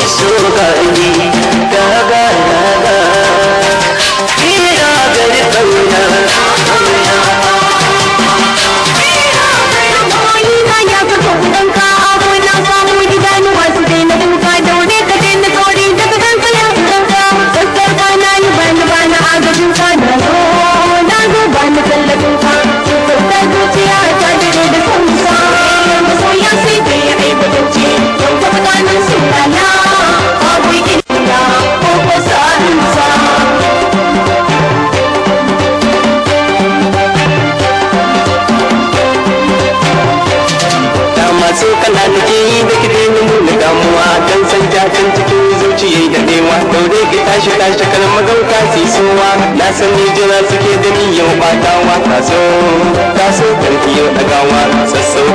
so ka ji kan cikin zuciya da dewa daure ki tashi tashi kan magauta si suwa na san ni jira suke da ni yau batawa ta so kan yau dagawa sassau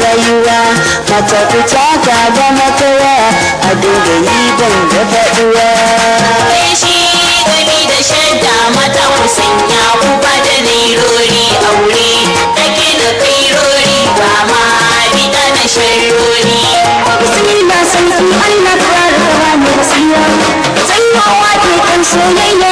rayuwa mata fita ta ga makawa a dinga yi ban da faduwa shi gami da shadda mata ku sanya ku da nairori aure take da kairori ba ma bida na sharori bismillah san ku Allah ka rawa ne basira sanyawa ke kan soyayya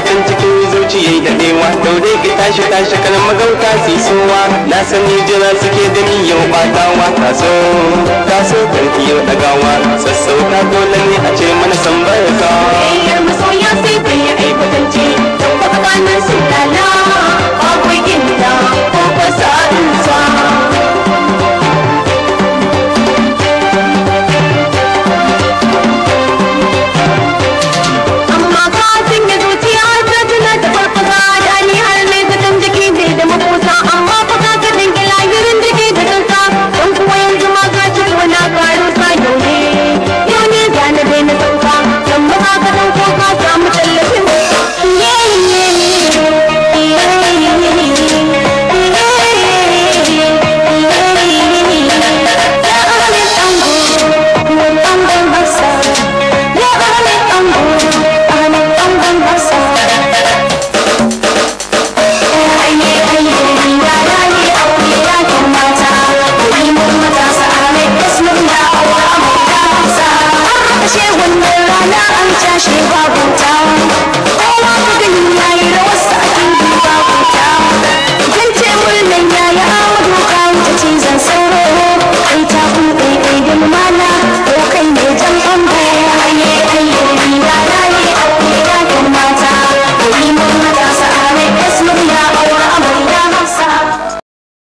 shiga cikin zuciya yayi dadewa daure ki tashi tashi kan magauta si sowa na sani jira suke da ni yau batawa taso so kan yau dagawa sassauta dole ne a ce mana san barka na an shi babu tawo